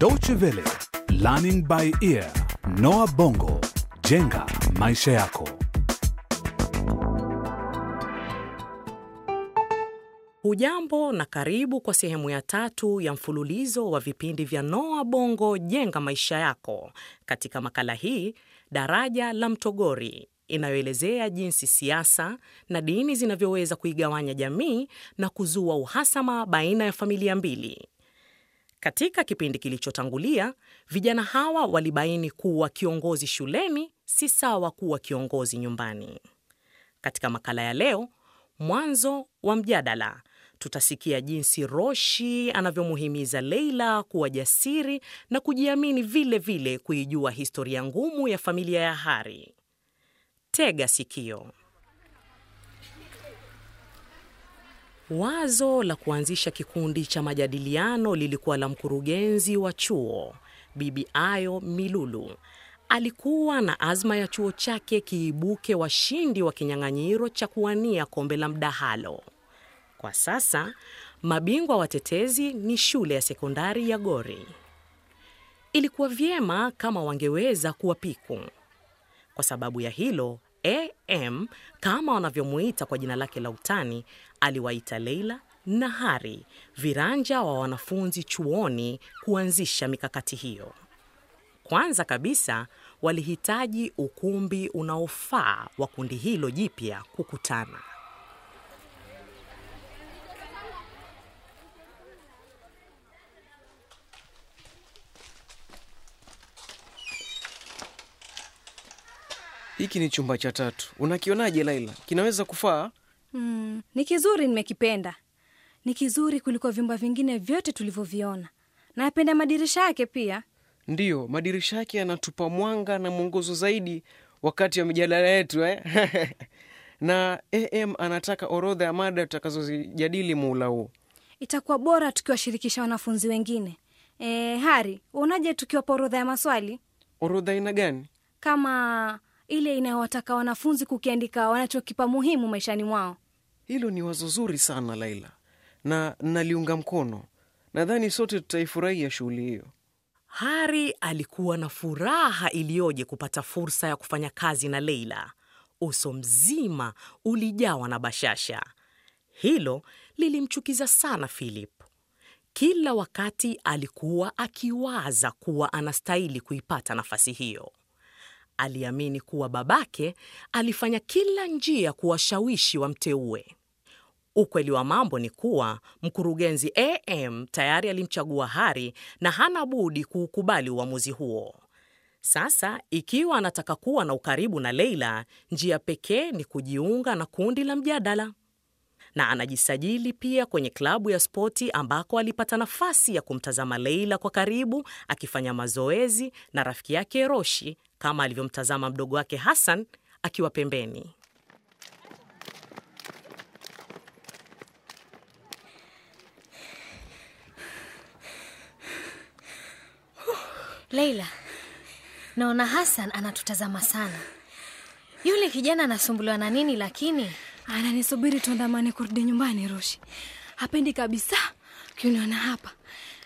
Deutsche Welle, Learning by Ear, Noah Bongo, Jenga Maisha Yako. Hujambo na karibu kwa sehemu ya tatu ya mfululizo wa vipindi vya Noah Bongo, Jenga Maisha Yako. Katika makala hii, Daraja la Mtogori inayoelezea jinsi siasa na dini zinavyoweza kuigawanya jamii na kuzua uhasama baina ya familia mbili. Katika kipindi kilichotangulia, vijana hawa walibaini kuwa kiongozi shuleni si sawa kuwa kiongozi nyumbani. Katika makala ya leo, mwanzo wa mjadala, tutasikia jinsi Roshi anavyomuhimiza Leila kuwa jasiri na kujiamini, vile vile kuijua historia ngumu ya familia ya Hari. Tega sikio. Wazo la kuanzisha kikundi cha majadiliano lilikuwa la mkurugenzi wa chuo Bibi Ayo Milulu. Alikuwa na azma ya chuo chake kiibuke washindi wa kinyang'anyiro cha kuwania kombe la mdahalo. Kwa sasa mabingwa watetezi ni shule ya sekondari ya Gori. Ilikuwa vyema kama wangeweza kuwapiku. Kwa sababu ya hilo, AM kama wanavyomuita kwa jina lake la utani, aliwaita Leila na Hari viranja wa wanafunzi chuoni kuanzisha mikakati hiyo. Kwanza kabisa walihitaji ukumbi unaofaa wa kundi hilo jipya kukutana. Hiki ni chumba cha tatu, unakionaje Laila? Kinaweza kufaa? Mm, ni kizuri, nimekipenda. Ni kizuri kuliko vyumba vingine vyote tulivyoviona. Napenda madirisha yake pia. Ndiyo, madirisha yake yanatupa mwanga na mwongozo zaidi wakati wa mijadala yetu eh? na am anataka orodha ya mada tutakazozijadili muula huo. Itakuwa bora tukiwashirikisha wanafunzi wengine. E, Hari, uonaje tukiwapa orodha ya maswali? Orodha aina gani? Kama ile inayowataka wanafunzi kukiandika wanachokipa muhimu maishani mwao. Hilo ni wazo zuri sana Laila, na naliunga mkono. Nadhani sote tutaifurahia shughuli hiyo. Hari alikuwa na furaha iliyoje kupata fursa ya kufanya kazi na Leila. Uso mzima ulijawa na bashasha. Hilo lilimchukiza sana Philip. Kila wakati alikuwa akiwaza kuwa anastahili kuipata nafasi hiyo aliamini kuwa babake alifanya kila njia kuwashawishi wamteue. Ukweli wa mambo ni kuwa mkurugenzi AM tayari alimchagua Hari na hana budi kuukubali uamuzi huo. Sasa ikiwa anataka kuwa na ukaribu na Leila, njia pekee ni kujiunga na kundi la mjadala na anajisajili pia kwenye klabu ya spoti ambako alipata nafasi ya kumtazama Leila kwa karibu akifanya mazoezi na rafiki yake Roshi kama alivyomtazama mdogo wake Hassan akiwa pembeni. Leila, naona Hassan anatutazama sana. Yule kijana anasumbuliwa na nini lakini? ananisubiri tuandamane kurudi nyumbani. Rushi hapendi kabisa kuniona hapa.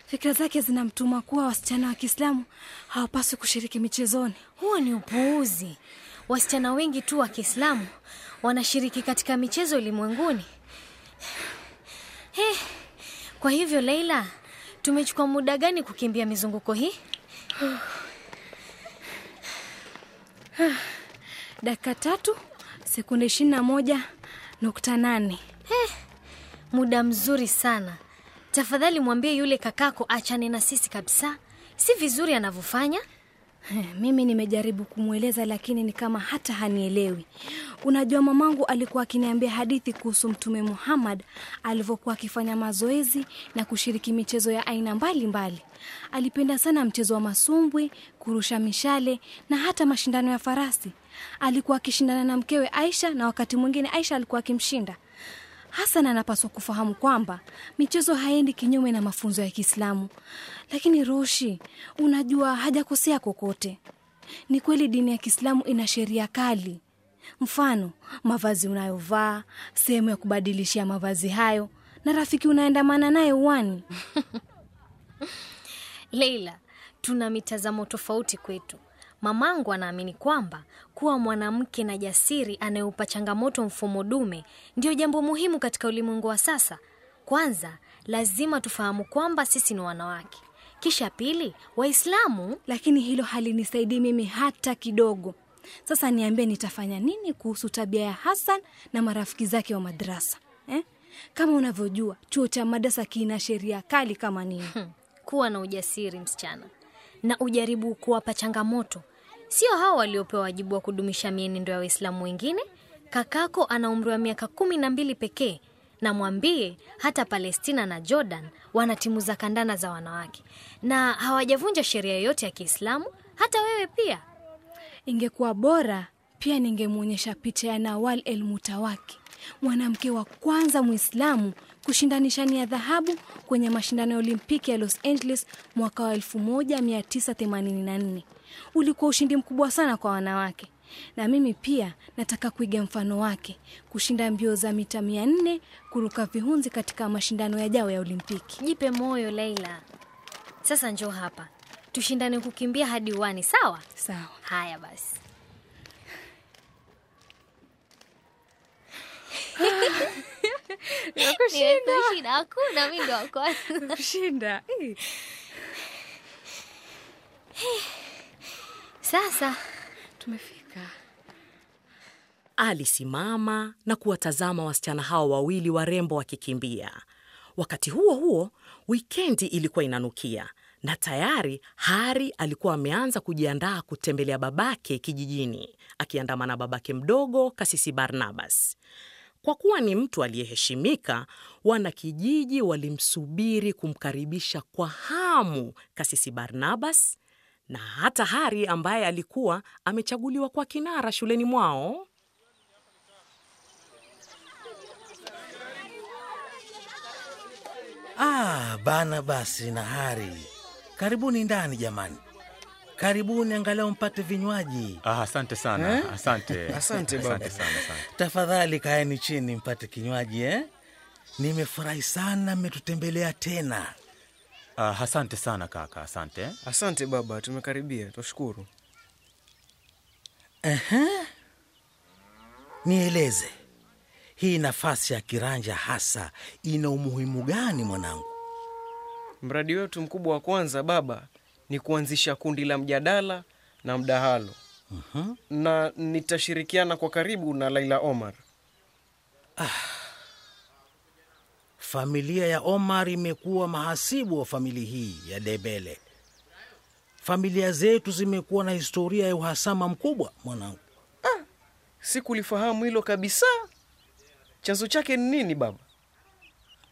Fikira zake zinamtuma kuwa wasichana wa Kiislamu hawapaswi kushiriki michezoni. Huo ni upuuzi. Wasichana wengi tu wa Kiislamu wanashiriki katika michezo ulimwenguni. He, eh, kwa hivyo Leila, tumechukua muda gani kukimbia mizunguko hii? Dakika tatu sekunde ishirini na moja nukta nane. Eh, muda mzuri sana. Tafadhali mwambie yule kakako achane na sisi kabisa, si vizuri anavyofanya. Eh, mimi nimejaribu kumweleza lakini ni kama hata hanielewi. Unajua, mamangu alikuwa akiniambia hadithi kuhusu Mtume Muhammad alivyokuwa akifanya mazoezi na kushiriki michezo ya aina mbalimbali mbali. Alipenda sana mchezo wa masumbwi, kurusha mishale na hata mashindano ya farasi alikuwa akishindana na mkewe Aisha, na wakati mwingine Aisha alikuwa akimshinda. Hasan anapaswa kufahamu kwamba michezo haendi kinyume na mafunzo ya Kiislamu. Lakini Roshi, unajua, hajakosea kokote. Ni kweli dini ya Kiislamu ina sheria kali, mfano mavazi unayovaa, sehemu ya kubadilishia mavazi hayo, na rafiki unaendamana naye uwani. Leila, tuna mitazamo tofauti kwetu. Mamangu anaamini kwamba kuwa mwanamke na jasiri anayeupa changamoto mfumo dume ndiyo jambo muhimu katika ulimwengu wa sasa. Kwanza, lazima tufahamu kwamba sisi ni wanawake. Kisha pili, Waislamu. Lakini hilo halinisaidii mimi hata kidogo. Sasa niambie, nitafanya nini kuhusu tabia ya Hassan na marafiki zake wa madrasa eh? Kama unavyojua chuo cha madrasa kina sheria kali kama nini. kuwa na ujasiri msichana, na ujaribu kuwapa changamoto sio hao waliopewa wajibu wa kudumisha mienendo ya Waislamu wengine. Kakako ana umri wa miaka kumi na mbili pekee, na mwambie hata Palestina na Jordan wana timu za kandana za wanawake na hawajavunja sheria yoyote ya Kiislamu. Hata wewe pia ingekuwa bora pia ningemwonyesha picha ya Nawal El Mutawaki, mwanamke wa kwanza Mwislamu kushinda nishani ya dhahabu kwenye mashindano ya Olimpiki ya Los Angeles mwaka wa 1984. Ulikuwa ushindi mkubwa sana kwa wanawake, na mimi pia nataka kuiga mfano wake, kushinda mbio za mita 4 kuruka vihunzi katika mashindano jao ya Olimpiki. Jipe moyo Leila. Sasa njoo hapa tushindane kukimbia hadi uani sawa sawa? Haya basi. aku na mimi ndo sasa tumefika. Alisimama na kuwatazama wasichana hao wawili warembo wakikimbia. Wakati huo huo, wikendi ilikuwa inanukia na tayari Hari alikuwa ameanza kujiandaa kutembelea babake kijijini, akiandamana babake mdogo Kasisi Barnabas. Kwa kuwa ni mtu aliyeheshimika, wanakijiji walimsubiri kumkaribisha kwa hamu Kasisi Barnabas na hata Hari ambaye alikuwa amechaguliwa kwa kinara shuleni mwao. Ah, Barnabas na Hari, karibuni ndani jamani karibuni angalau mpate vinywaji. Ah, asante sana eh? Asante, asante baba. Asante sana, asante. Tafadhali kaeni chini mpate kinywaji eh? Nimefurahi sana mmetutembelea tena. Ah, asante sana kaka, asante. Asante baba, tumekaribia, twashukuru. Aha. Nieleze hii nafasi ya kiranja hasa ina umuhimu gani mwanangu? Mradi wetu mkubwa wa kwanza baba ni kuanzisha kundi la mjadala na mdahalo uh-huh. na nitashirikiana kwa karibu na Laila Omar. Ah, familia ya Omar imekuwa mahasibu wa famili hii ya Debele. Familia zetu zimekuwa na historia ya uhasama mkubwa, mwanangu. Ah, sikulifahamu hilo kabisa. Chanzo chake ni nini, baba?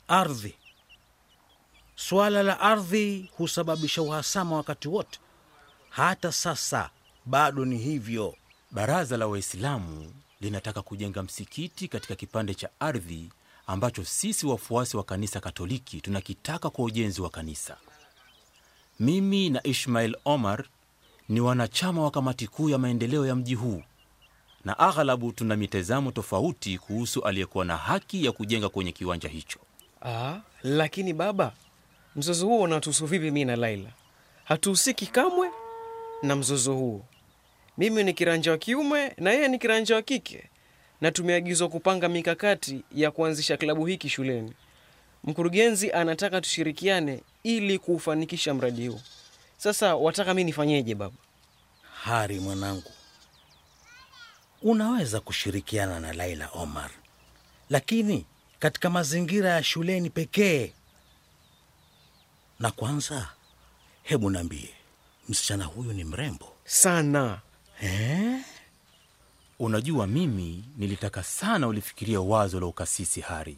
Ardhi Suala la ardhi husababisha uhasama wakati wote, hata sasa bado ni hivyo. Baraza la Waislamu linataka kujenga msikiti katika kipande cha ardhi ambacho sisi wafuasi wa kanisa Katoliki tunakitaka kwa ujenzi wa kanisa. Mimi na Ishmail Omar ni wanachama wa kamati kuu ya maendeleo ya mji huu, na aghalabu tuna mitazamo tofauti kuhusu aliyekuwa na haki ya kujenga kwenye kiwanja hicho. Aa, ah, lakini baba, Mzozo huo unatuhusu vipi mi na Laila? Hatuhusiki kamwe na mzozo huo. Mimi ni kiranja wa kiume na yeye ni kiranja wa kike, na tumeagizwa kupanga mikakati ya kuanzisha klabu hiki shuleni. Mkurugenzi anataka tushirikiane ili kuufanikisha mradi huo. Sasa wataka mi nifanyeje, baba? Hari mwanangu, unaweza kushirikiana na Laila Omar, lakini katika mazingira ya shuleni pekee. Na kwanza, hebu naambie msichana huyu ni mrembo sana He? Unajua, mimi nilitaka sana ulifikiria wazo la ukasisi Hari.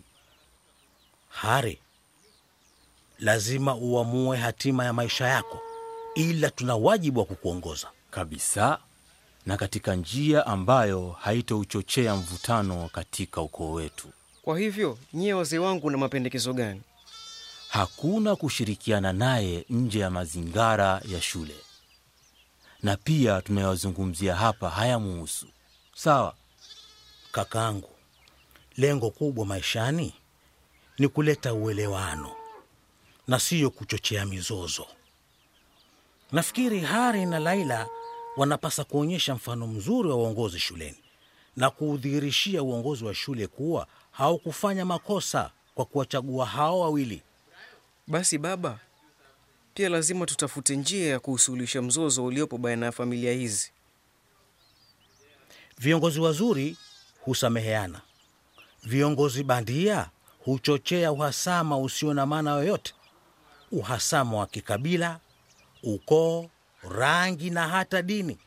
Hari, lazima uamue hatima ya maisha yako, ila tuna wajibu wa kukuongoza kabisa na katika njia ambayo haitouchochea mvutano katika ukoo wetu. Kwa hivyo nyie wazee wangu, na mapendekezo gani? hakuna kushirikiana naye nje ya mazingara ya shule, na pia tunayozungumzia hapa haya muhusu Sawa kakangu lengo kubwa maishani ni kuleta uelewano na siyo kuchochea mizozo. Nafikiri Hari na Laila wanapasa kuonyesha mfano mzuri wa uongozi shuleni na kuudhihirishia uongozi wa shule kuwa haukufanya makosa kwa kuwachagua hao wawili. Basi baba, pia lazima tutafute njia ya kuusuluhisha mzozo uliopo baina ya familia hizi. Viongozi wazuri husameheana, viongozi bandia huchochea uhasama usio na maana yoyote, uhasama wa kikabila, ukoo, rangi na hata dini,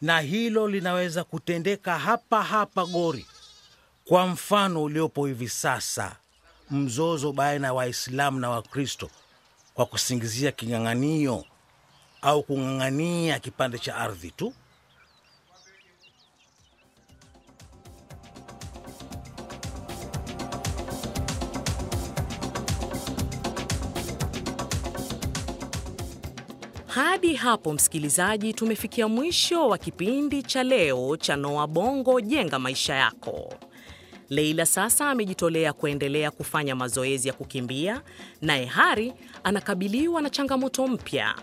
na hilo linaweza kutendeka hapa hapa Gori, kwa mfano uliopo hivi sasa mzozo baina ya Waislamu na Wakristo kwa kusingizia king'ang'anio au kung'ang'ania kipande cha ardhi tu. Hadi hapo msikilizaji, tumefikia mwisho wa kipindi cha leo cha Noa Bongo, jenga maisha yako. Leila sasa amejitolea kuendelea kufanya mazoezi ya kukimbia, naye Hari anakabiliwa na changamoto mpya.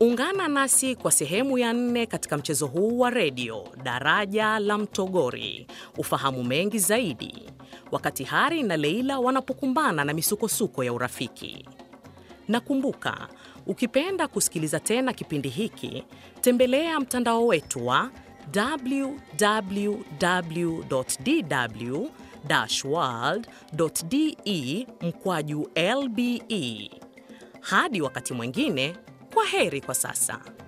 Ungana nasi kwa sehemu ya nne katika mchezo huu wa redio Daraja la Mtogori, ufahamu mengi zaidi wakati Hari na Leila wanapokumbana na misukosuko ya urafiki. nakumbuka ukipenda kusikiliza tena kipindi hiki, tembelea mtandao wetu wa www.dw-world.de mkwaju lbe. Hadi wakati mwingine, kwa heri kwa sasa.